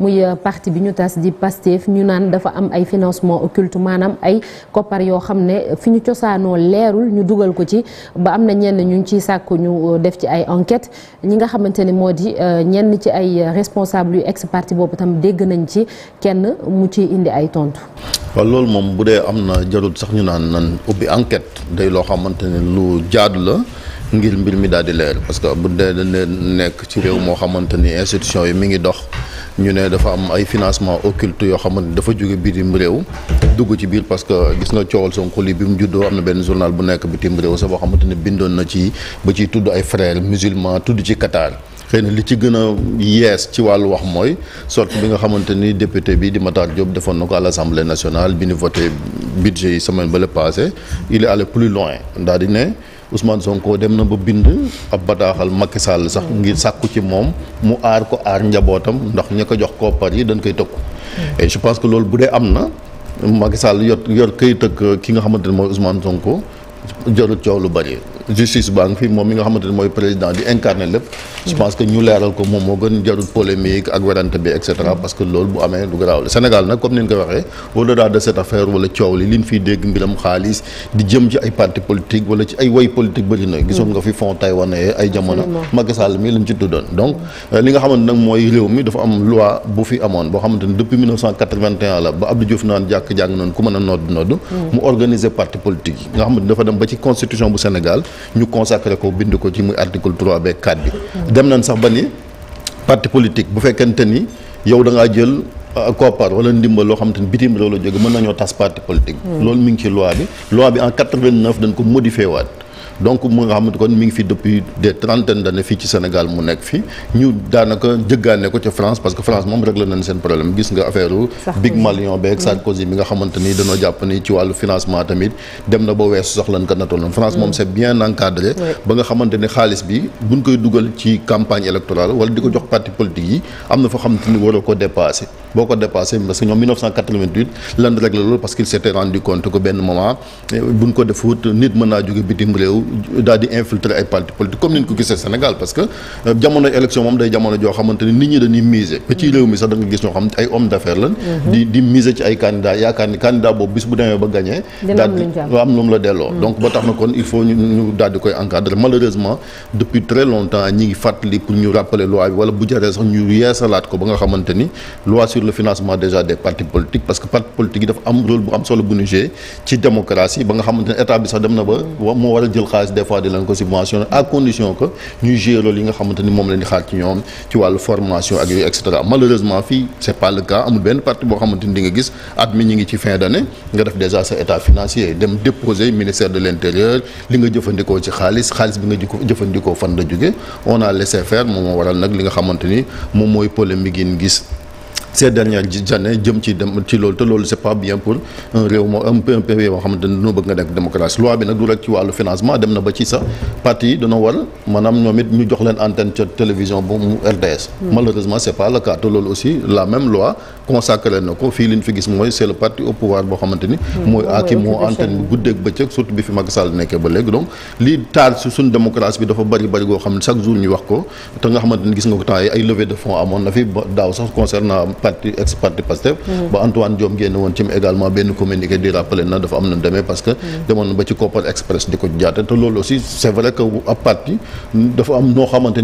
muy euh, parti bi ñu tas di Pastef ñu naan dafa am ay financement occulte maanaam ay koppar yoo xam ne fi ñu cosaanoo leerul ñu dugal ko ci ba am na ñenn ñu ngi ciy sàkku ñu euh, def ci ay enquête ñi nga xamante ne moo di euh, ñenn ci ay responsable yu ex parti boobu tamit dégg nañ ci kenn mu ciy indi ay tontu. waaw loolu moom bu dee am na jarul sax ñu naan nan ubbi enquête day loo xamante ne lu jaadu la ngir mbir mi daal di leer parce que bu dee dañ leen nekk ci réew moo xamante ni institution yi mi ngi dox. ñu ne dafa am ay financement occulte yoo xamante ni dafa jóge bitim réew dugg ci biir parce que gis nga coowal Sonko li bi mu juddoo am na benn journal bu nekk bitim réew sa boo xamante ne bindoon na ci ba ciy tudd ay frères musulmans tudd ci Qatar xëy na li ci gën a yees ci wàllu wax mooy sorte bi nga xamante ni député bi di Matar job defoon na ko à l' assemblée nationale bi ñu voté budget yi semaine ba la passé il est allé plus loin di ne Ousmane Sonko dem na ba bind ab bataaxal Macky Sall sax ngir sàkku ci moom mu aar ko aar njabootam ndax ña ko jox koppar yi dañ koy tëkku. et je pense que loolu bu dee am na Macky Sall yor yor këy tëkk ki nga xamante ne mooy Ousmane Sonko jarul coow lu bari. justice baa ngi moom mi nga xamante ne mooy président di incarné lépp je pense que ñu leeral ko moom moo gën jarul polémique ak werante bi et cetera parce que loolu bu amee du garaaw la Sénégal nag comme ni ko waxee au delà de cette affaire wala coow li liñ fiy dégg mbiram xaalis di jëm ci ay parti politique wala ci ay way politique bëri na gisoon nga fi fond Taïwan ay jamono Macky Sall mi lañ ci tuddoon donc euh, li nga xamante nag mooy réew mi dafa am loi bu fi amoon boo xamante ne depuis 1981 la ba Abdou Diouf naan jàkk jàng noonu ku mën mm. parti politique yi nga xamante dafa dem ba ci constitution bu Sénégal ñu consacré ko bind ko ci muy article 3 beeg 4 bi. dem nañ sax ba ni parti politique bu fekkente ni yow da jël. koppar wala ndimbal loo xam te bitim réew la jóge mën nañoo tas parti politique. Hmm. loolu mi ngi ci loi bi loi bi en 89 dañ ko modifié waat. donc mu nga xamante kon mi ngi fi depuis des trentaines d'années fii ci Sénégal mu nekk fi ñu daanaka jëggaane ko ca France parce que France moom réglé nañ seen problème gis nga affaire big malion beeg mm. Sarkozy mi nga xamante ni dañoo jàpp ni ci wàllu financement tamit dem na ba weesu sax lañ ko nattoon France moom mm. c'est bien encadré ba nga xamante ni xaalis bi buñ koy dugal ci campagne électorale wala di ko jox parti politique yi am na foo xamante ni boo ko dépassé parce que ñoom 1988 lan réglé loolu parce qu'il s'était rendu eh, nit mën naa jóge bitim réew daal di infiltrer ay parti politique comme euh, nit ñi dañuy miser ba réew mi sax da gis ñoo xam ay homme d'affaires lan mhm. di di miser ci ay candidats yaakaar ni candidat boobu bis bu demee ba gagné daal di am lu mu la delloo mhm. donc ba tax na kon il faut ñu daal di koy encadrer malheureusement depuis très longtemps ñi ngi fàttali pour ñu rappeler loi bi bu jaree sax ñu yeesalaat ko ba nga xamante loi sur le financement déjà des partis politique yi xaalis des fois di leen ko subventionné à condition que ñuy gérer yi nga xamante ni moom leen di xaar ci ñoom ci wàllu formation ak yooyu et malheureusement fii c' est pas le cas amul benn parti boo xamante ni di nga gis at mi ñu ngi ci fin d' nga def déjà sa état financier dem déposer ministère de l' li nga jëfandikoo ci xaalis xaalis bi nga jëfandikoo fan la jóge on a laissé faire moom moo waral nag li nga xamante ni moom mooy polémique yi ñu gis ces dernières années jëm ci dem ci loolu te loolu c'est pas bien pour un réew moo un pays moo xamante ne dañoo bëgg nga nekk démocratie loi bi nag du rek ci wàllu financement dem na ba ci sax parti yi dañoo war maanaam ñoom it ñu jox leen antenne ca télévision bu mu RTS. Hmm. c'est pas le cas te loolu aussi la même loi consacré na ko fii li ñu fi gis mooy c'est le au pouvoir boo xamante hmm. mooy aaki ah, moo antenne bi guddeeg bëccëg surtout bi fi Macky Sall xam ne ni gis nga ko temps yi ay levée de fonds amoon na fi daaw sax concernant parti mm-hmm. ba Antoine Diome génn ci mu également benn communiqué di rappeler na dafa am na demee parce que mm-hmm. demoon ba ci Kopar Express di ko jaate te loolu aussi c'est vrai que ab parti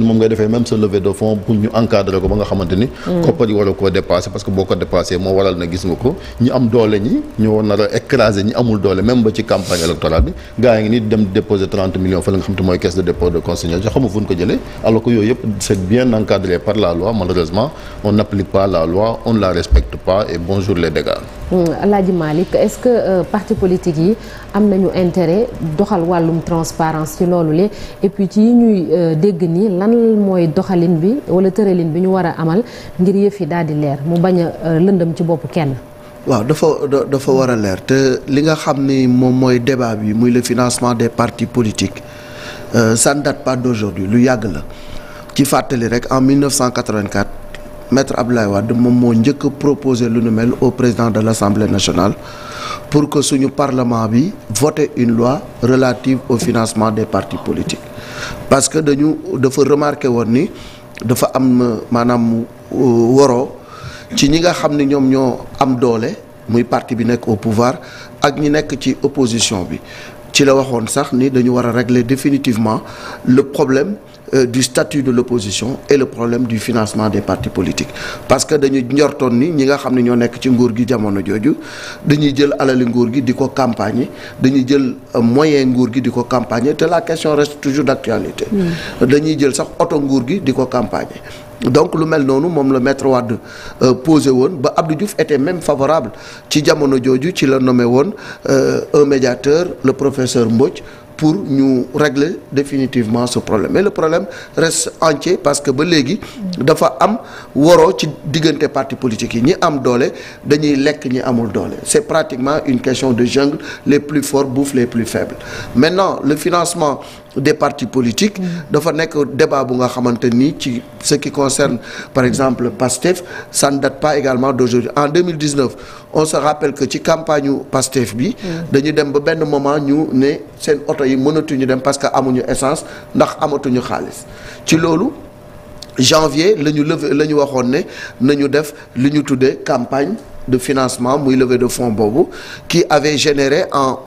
moom ngay defee même sa levée de fonds pour ñu encadrer ko ba nga xamante mm-hmm. koppar yi war a koo dépasser parce que boo ko dépassé moo waral na gis nga ko ñi am doole ñi ñoo nar a ñi amul doole même ba ci campagne électorale bi gars yi ngi ni dem déposer 30 millions fois on ne la respecte pas et bonjour les dégâts. Euh, Alaaji Malick est-ce que euh, parti politique yi am na ñu intérêt doxal wàllum transparence ci loolu le et puis ci ñuy euh, dégg ni lan mooy doxalin bi wala tëralin bi ñu war a amal ngir yëf yi daal di leer mu bañ a lëndëm ci bopp kenn. waaw dafa dafa war a leer te li nga xam ni moom mooy débat bi muy le financement des partis politiques ça ne date pas d'aujourd'hui lu yàgg la ci fàttali rek en 1984 maître Abdoulaye Wade moom moo njëkk a lu nu mel au président de l' assemblée nationale pour que suñu parlement bi voté une loi relative au financement des partis politiques parce que dañu dafa remarqué woon ni dafa am maanaam euh, waroo ci ñi nga xam ni ñoom ñoo am doole muy parti bi nekk au pouvoir ak ñi nekk ci opposition bi ci la waxoon sax ni dañu war a régler définitivement le problème Euh, du statut de l'opposition et le problème du financement des partis politiques parce que dañu njortoon ni ñi nga xam ne ñoo nekk ci nguur gi jamono jooju dañuy jël alali nguur gi di ko campagne dañuy jël euh, moyen nguur gi di ko campagne te la question reste toujours d'actualité dañuy jël sax oto nguur gi di ko campagne donc lu mel noonu moom la maître Wade euh, posé woon ba Abdou Diouf était même favorable ci jamono jooju ci la nommé woon un médiateur le professeur Mbodj pour ñu régler définitivement ce problème mais le problème reste entier parce que ba léegi dafa am waroo ci diggante parti politique yi ñi am doole dañuy lekk ñi amul doole c'est pratiquement une question de jungle les plus forts bouffent les plus faibles maintenant le financement de partis politique dafa nekk débat bu nga xamante nii ci ce qui concerne par exemple PASTEF ça ne date pas également d'aujourd'hui en 2019 on se rappelle que ci campagne yu PASTEF bi dañu dem ba benn moment ñu ne seen oto yi mënatuñu dem parce que amuñu essence ndax amatuñu xaalis ci loolu janvier la ñu levé la ñu waxoon ne nañu def li ñu tuddee campagne de financement muy levée de fonds boobu qui avait généré en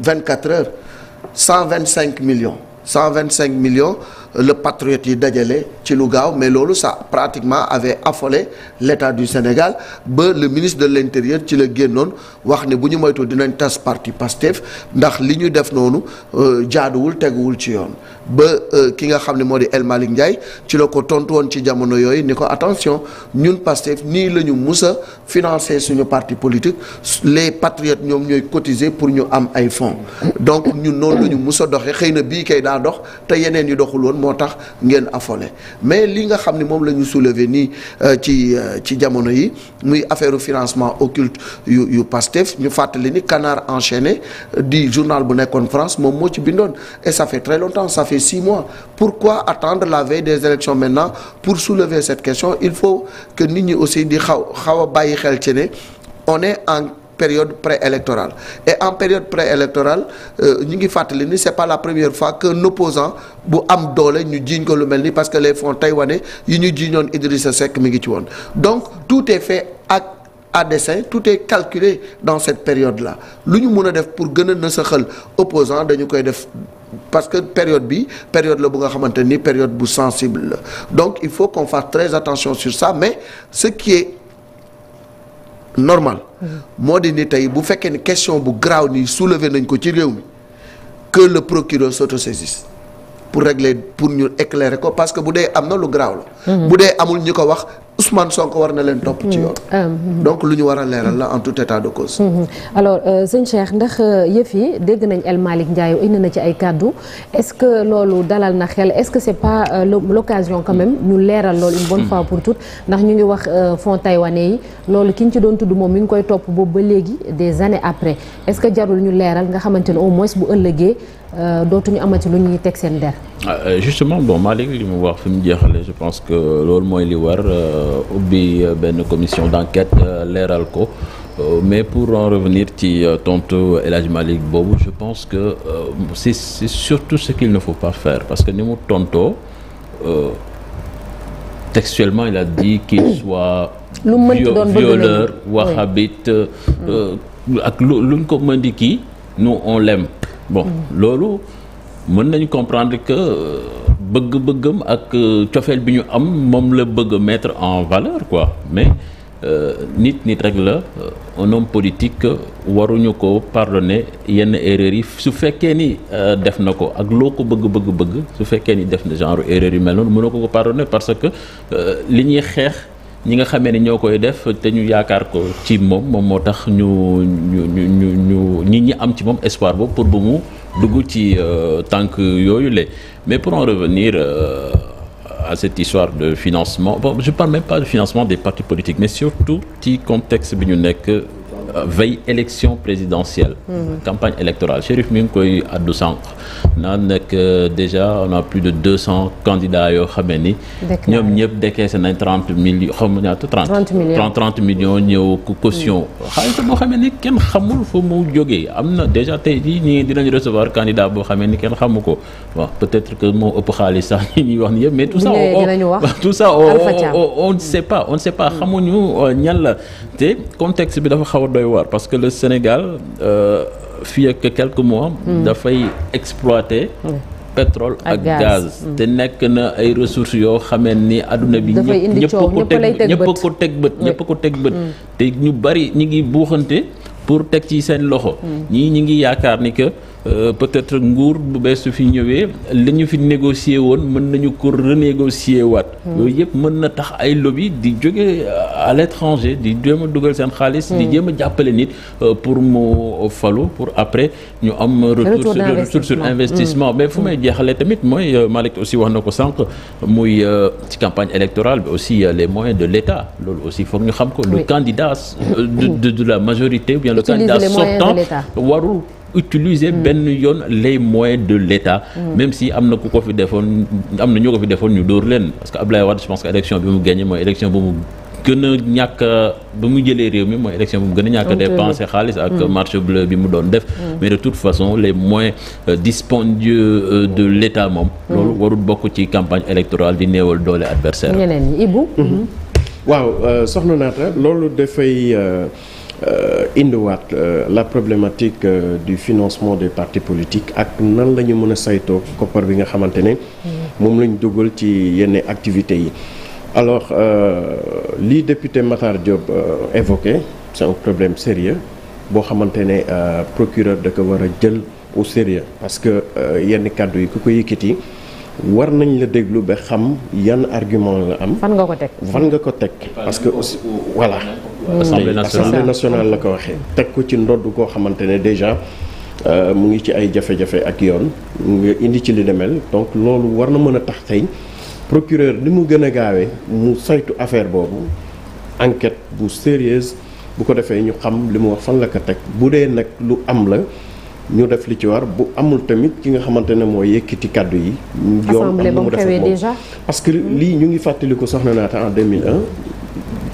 24 heures cent vingt cinq millions cent vingt cinq millions le patriote yi dajale ci lu gaaw mais loolu ça pratiquement avait affolé l'état du Sénégal ba le ministre de l'intérieur ci la génnoon wax ne bu ñu moytu dinañ tas parti Pastef ndax li ñu def noonu euh, jaaduwul teguwul ci yoon ba euh, ki nga xam ne moo di El Malick Ndiaye ci la ko tontu woon ci jamono yooyu ni ko attention ñun Pastef nii la ñu mus a financer suñu parti politique les patriotes ñoom ñooy cotiser pour ñu am ay fonds donc ñun noonu la ñu mus a doxee xëy na bii kay daa dox te yeneen yu doxul woon moo tax ngeen affolé mais li nga xam ni moom la ñu soulever nii euh, ci euh, ci jamono yi muy affaire financement occulte yu yu Pastef ñu fàttali ni Canard enchaîné euh, di journal bu nekkoon France moom moo ci bindoon et ça fait très longtemps ça fait six mois pourquoi attendre la veille des élections maintenant pour soulever cette question il faut que nit ñi aussi di xaw xaw a bàyyi xel ci ne on en période préélectorale et en période préélectorale euh, ñu ngi fàttali ni c'est pas la première fois qu'un opposant bu am doole ñu jiiñ ko lu mel ni parce que les fonds taïwanais yi ñu jiiñoon Idrissa sekk mi ngi ci woon donc tout est fait ak à dessein tout est calculé dans cette période la lu ñu mun a def pour gën a nasaxal opposant dañu koy def parce que période bi période la bu nga xamante ni période bu sensible la donc il faut qu'on fasse très attention sur ça mais normal moo di ni tey bu fekkee ni question bu grave nii soulever nañ ko ci réew mi que le procureur s'autosaisisse pour régler pour ñu éclairer ko parce que bu dee am na lu grave la mm-hmm. bu dee amul ñi ko wax Ousmane Sonko war na leen topp ci mm-hmm. yoon. Um, mm-hmm. donc lu ñu war a leeral la en tout état de cause. Mm-hmm. alors euh, sëñ Cheikh ndax euh, yëf yi dégg nañ El Malick Ndiaye indi na ci ay kàddu est-ce que loolu dalal na xel est-ce que c'est pas euh, l'occasion quand même ñu leeral loolu une bonne fois pour toutes ndax ñu ngi wax fonds taïwanais yi loolu ki ñu ci doon tudd moom mi ngi koy topp boobu ba léegi des années après est-ce que jarul ñu leeral nga xamante ne au moins bu ëllëgee. Euh, dootuñu amati lu ñuy teg seen der. Ah, euh, justement bon Malick li mu wax fi mu jeexale je pense que loolu mooy li war euh, ubbi benn commission d'enquête leeral ko mais pour en revenir ci tontu El Hadj boobu je pense que c'est c'est surtout ce qu'il ne faut pas faire parce que ni mu tonto textuellement il a dit qu'il soit lu mënti doon ak lu luñ ko mën di kii nous on l'aime bon loolu mën nañ comprendre que euh, bëgg-bëggam ak euh, cofeel bi ñu am moom la bëgg mettre en valeur quoi mais euh, nit nit rek la un homme politique waruñu ko pardonner yenn erreurs yi su fekkee ni def na ko ak loo ko bëgg bëgg bëgg su fekkee ni def na genre erreur yu mel noonu mënoo ko ko pardonner parce que li ñuy xeex. ñi nga xamee ne ñoo koy def te ñu yaakaar ko ci moom moom moo tax ñu ñu ñu ñu ñu ñi ñi am ci moom espoir boobu pour bu mu dugg ci euh, tànk yooyu le mais pour en revenir euh, à cette histoire de financement bon je parle même pas de financement des partis politiques mais surtout ci contexte bi ñu nekk veille élection présidentielle. Mm-hmm. campagne électorale Chérif mi ngi koy addu sànq euh, on a plus de deux cent candidats yoo xamee ni. ñoom ñëpp décaissé nañ trente millions xam nga ñaata trente. trente trente millions ñëw caution. xaalis boo xamee ni kenn xamul fu mu jógee am na déjà tey jii ñii recevoir candidat boo xamee ni kenn xamu ko waaw peut-être que moo ëpp xaalis sax ñi ñuy wax ni yëpp mais tout ça on ne sait pas on ne sait pas mm. xamuñu euh, ñan la te contexte bi dafa xaw a doy doy waar parce que le Sénégal euh, fii ak quelques mois. Hmm. dafay exploiter. pétrole ak gaz hmm. te nekk na ay ressources yoo xamee ni adduna bi ñëpp ko teg ñëpp ko teg bët ñëpp ko teg bët hmm. te ñu bari ñu ngi buuxante pour teg ci seen loxo ñii ñi ngi yaakaar ni que Euh, peut-être nguur bu bees su fi ñëwee li ñu fi négocier woon mën nañu ko renégocier waat. Hmm. yooyu yëpp mën na tax ay lobby di jóge euh, à l'étranger di jéem a dugal seen xaalis. di hmm. jéem a jàppale nit euh, pour mu falu pour après ñu am. retour sur retour sur investissement. Hmm. mais fu may jeexalee tamit mooy Malick aussi wax na ko sànq muy ci campagne électorale bi aussi les moyens de l'État loolu aussi foog ñu xam ko. le candidat de de la majorité ou bien le candidat sortant warul. utiliser mm. benn yoon les moyens de l'État mm. même si am na ku ko fi defoon am na ñu ko fi defoon ñu dóor leen parce que Abdoulaye Wade je pense que élection bi mu gagné mooy élection bu mu gën ñàkk ba mu jëlee réew mi mooy élection bu mu gën a ñàkk dépensé xaalis ak mm. marche bleue bi mu doon def mais de toute façon les moyens euh, dispendieux euh, de l'État moom loolu warul bokk ci campagne électorale di néewal doole adversaire mm-hmm. waaw euh, soxna Naata loolu dafay Euh, indiwaat euh, la problématique euh, du financement des partis politique ak nan la ñu mën a saytoo koppar bi nga xamante ne moom lañu dugal ci yenn activités yi alors li député Matar Diop évoqué c'est un problème sérieux boo xamante ne procureur da ko war a jël au sérieux parce que yenn kàddu yi ku ko yëkkati war nañ la déglu ba xam yan argument la am fan nga ko teg fan nga ko teg parce que aussi voilà assemblée nationale assemblée nationale la ko waxee. teg ko ci ndodd koo xamante ne déjà euh, mu ngi ci ay jafe-jafe ak yoon nga indi ci li demel donc loolu war na mën a tax tey procureur li mu gën a gaawee mu saytu affaire boobu enquête bu sérieuse bu ko defee ñu xam li mu wax fan la ko teg bu dee nag lu am la. ñu def li ci war bu amul tamit ki nga xamante ne mooy yëkkati kàddu yi. yoon am na mu def parce que lii ñu ngi fàttali ko soxna naata en 2001.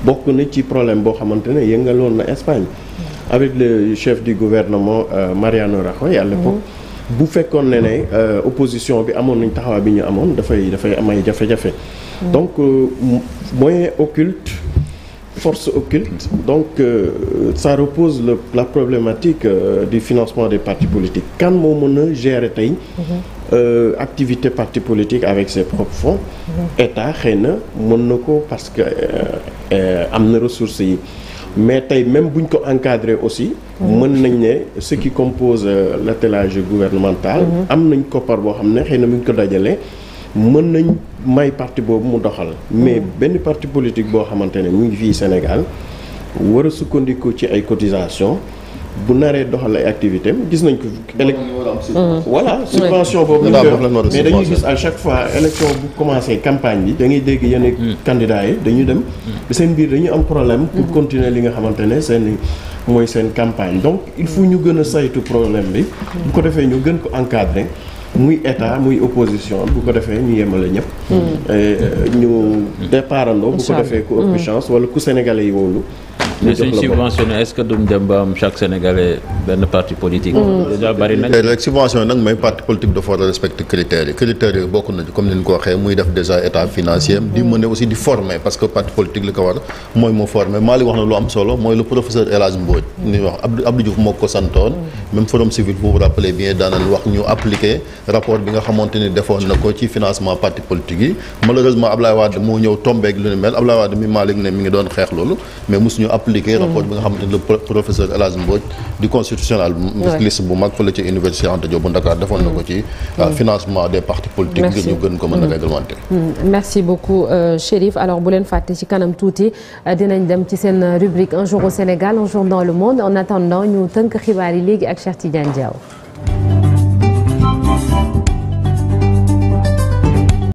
bokk na ci problème boo xamante ne yëngaloon na Espagne mm. avec le chef du gouvernement euh, Mariano Rajoy à l'époque mm. bu fekkoon ne ne euh, opposition bi amoon nañ taxawaay bi ñu amoon dafay dafay am ay jafe-jafe mm. donc euh, moyen occulte force occulte donc euh, repose la problématique euh, du financement des partis politiques kan moo mën a gérer tey mm-hmm. euh, activité parti politique avec ses propres fonds mm-hmm. état xëy na mën na ko parce que Euh, am na ressources yi mais tey même buñ ko encadré aussi mën nañ ne ce qui compose euh, l'attelage gouvernemental mhm. am nañ koppar boo xam ne xëy na bu ko dajalee mën nañ may parti boobu mu doxal mais mhm. benn parti politique boo xamante ne mu ngi fii Sénégal war a sukkandiku ci ay cotisations bu naree doxal ay activité gis nañ ko. Mm-hmm. voilà subvention boobu. mais dañuy gis à chaque fois élection bu commencé campagne bi. da ngay dégg yenn mm-hmm. candidats yi dañuy dem. Mm-hmm. seen biir dañuy am problème. pour continuer li nga xamante ne seen mooy seen campagne donc il faut ñu gën a saytu problème bi. bu ko defee ñu gën ko encadrer. muy état muy opposition bu ko defee ñu yemale ñëpp. Euh, ñu départandoo bu ko defee ku ëpp chance wala ku sénégalais yi wóolu. mais suñ subventionné est mm. nag mooy parti politique dafa war a respecter critères yi critères yi bokk na comme ni ñu ko waxee muy def déjà état financier di mën aussi di former parti politique li ko war mooy moo former Malick wax na lu am solo mooy le professeur El Hadj Mbodj. ni wax Abdou Abdou moo ko santoon. même forum civil bu vous rappelez bien daanaka wax ñu appliquer rapport bi nga xamante ni defoon na ko ci financement parti politique yi malheureusement Ablaye Wade moo appliquer hmm. rapport bi nga xamante ni le professeur El Hadj Mbodj du constitutionnel liste bu mag fële ci université Anta Diop bu Dakar defoon na ko ci hmm. Euh, hmm. financement des partis politiques ngir ñu gën ko mën a réglementer merci beaucoup euh, Chérif alors bu leen ci kanam tuuti euh, dinañ dem ci seen rubrique un jour au Sénégal un jour dans le monde en attendant ñu tënk xibaar yi léegi ak Cheikh Tidiane Diaw